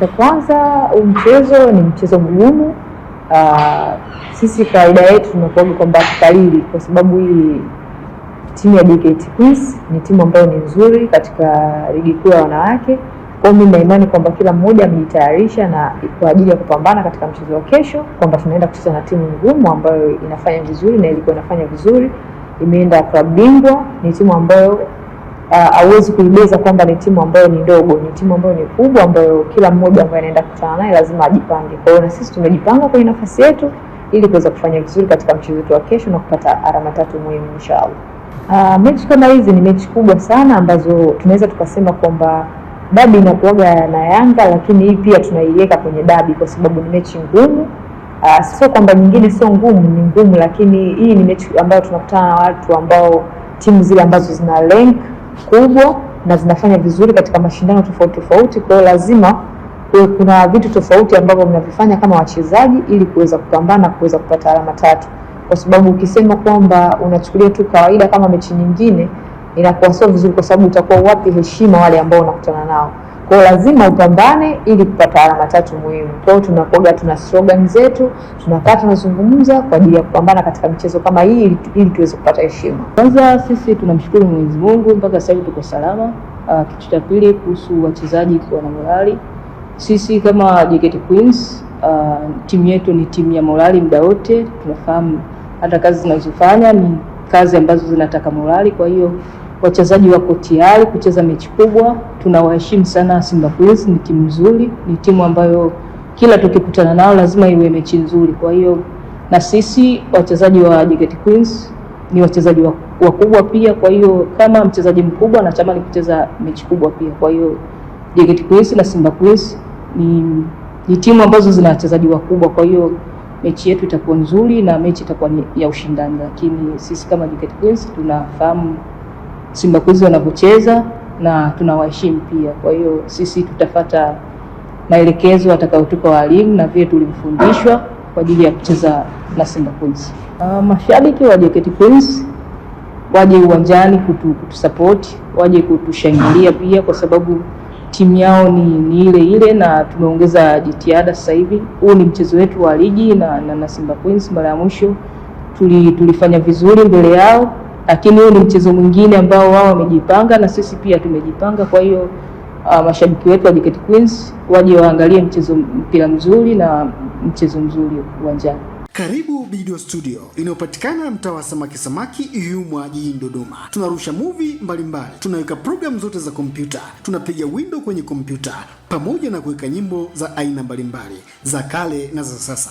Cha kwanza, huu mchezo ni mchezo mgumu. Uh, sisi kawaida yetu tumekuaga kwamba tukalili, kwa sababu hii timu ya JKT Queens ni timu ambayo ni nzuri katika ligi kuu ya wanawake. Kwa hiyo mimi na imani kwamba kila mmoja amejitayarisha na kwa ajili ya kupambana katika mchezo wa kesho, kwamba tunaenda kucheza na timu ngumu ambayo inafanya vizuri na ilikuwa inafanya vizuri, imeenda klabu bingwa, ni timu ambayo Ah, hauwezi uh, kuibeza kwamba ni timu ambayo ni ndogo, ni timu ambayo ni kubwa, ambayo kila mmoja ambaye anaenda kukutana naye lazima ajipange. Kwa hiyo na sisi tumejipanga kwenye nafasi yetu ili kuweza kufanya vizuri katika mchezo wetu wa kesho na kupata alama tatu muhimu inshallah. Uh, mechi kama hizi ni mechi kubwa sana ambazo tunaweza tukasema kwamba dabi inakuaga na Yanga, lakini hii pia tunaiweka kwenye dabi kwa sababu ni mechi ngumu. Uh, sio kwamba nyingine sio ngumu, ni ngumu, lakini hii ni mechi ambayo tunakutana na watu ambao timu zile ambazo zina lenk kubwa na zinafanya vizuri katika mashindano tofauti tofauti. Kwa hiyo lazima kuna vitu tofauti ambavyo mnavifanya kama wachezaji ili kuweza kupambana kuweza kupata alama tatu, kwa sababu ukisema kwamba unachukulia tu kawaida kama mechi nyingine inakuwa sio vizuri, kwa sababu utakuwa wapi heshima wale ambao unakutana nao. Kwa lazima upambane ili kupata alama tatu muhimu. Kwa hiyo tunakoga, tuna slogan zetu, tunakaa tunazungumza kwa ajili ya kupambana katika michezo kama hii ili tuweze kupata heshima. Kwanza sisi tunamshukuru Mwenyezi Mungu mpaka sasa hivi tuko salama. Ah, kitu cha pili kuhusu wachezaji kuwa na morali, sisi kama JKT Queens ah, timu yetu ni timu ya morali muda wote. Tunafahamu hata kazi zinazofanya ni kazi ambazo zinataka morali, kwa hiyo wachezaji wako tayari kucheza mechi kubwa. Tunawaheshimu sana Simba Queens, ni timu nzuri, ni timu ambayo kila tukikutana nao lazima iwe mechi nzuri. Kwa hiyo na sisi wachezaji wa Jigeti Queens ni wachezaji wakubwa pia. Kwa hiyo kama mchezaji mkubwa anatamani kucheza mechi kubwa pia. Kwa hiyo Jigeti Queens na Simba Queens ni, ni timu ambazo zina wachezaji wakubwa, kwa hiyo mechi yetu itakuwa nzuri na mechi itakuwa ya ushindani, lakini sisi kama Jigeti Queens tunafahamu Simba Kuzi wanavyocheza na tunawaheshimu pia. Kwa hiyo sisi tutafata maelekezo atakayotupa walimu na vile tulimfundishwa kwa ajili ya kucheza na Simba Queens. Uh, mashabiki wa JKT Queens waje uwanjani kutu, kutusapoti waje kutushangilia pia, kwa sababu timu yao ni, ni ile ile na tumeongeza jitihada sasa hivi. Huu ni mchezo wetu wa ligi na, na, na Simba Queens. Mara ya mwisho tulifanya vizuri mbele yao lakini huu ni mchezo mwingine ambao wao wamejipanga na sisi pia tumejipanga. Kwa hiyo uh, mashabiki wetu wa JKT Queens waje waangalie mchezo, mpira mzuri na mchezo mzuri uwanjani. Karibu Video Studio inayopatikana mtaa wa samaki samaki Ihumwa jijini Dodoma. Tunarusha movie mbalimbali, tunaweka programu zote za kompyuta, tunapiga window kwenye kompyuta pamoja na kuweka nyimbo za aina mbalimbali za kale na za sasa.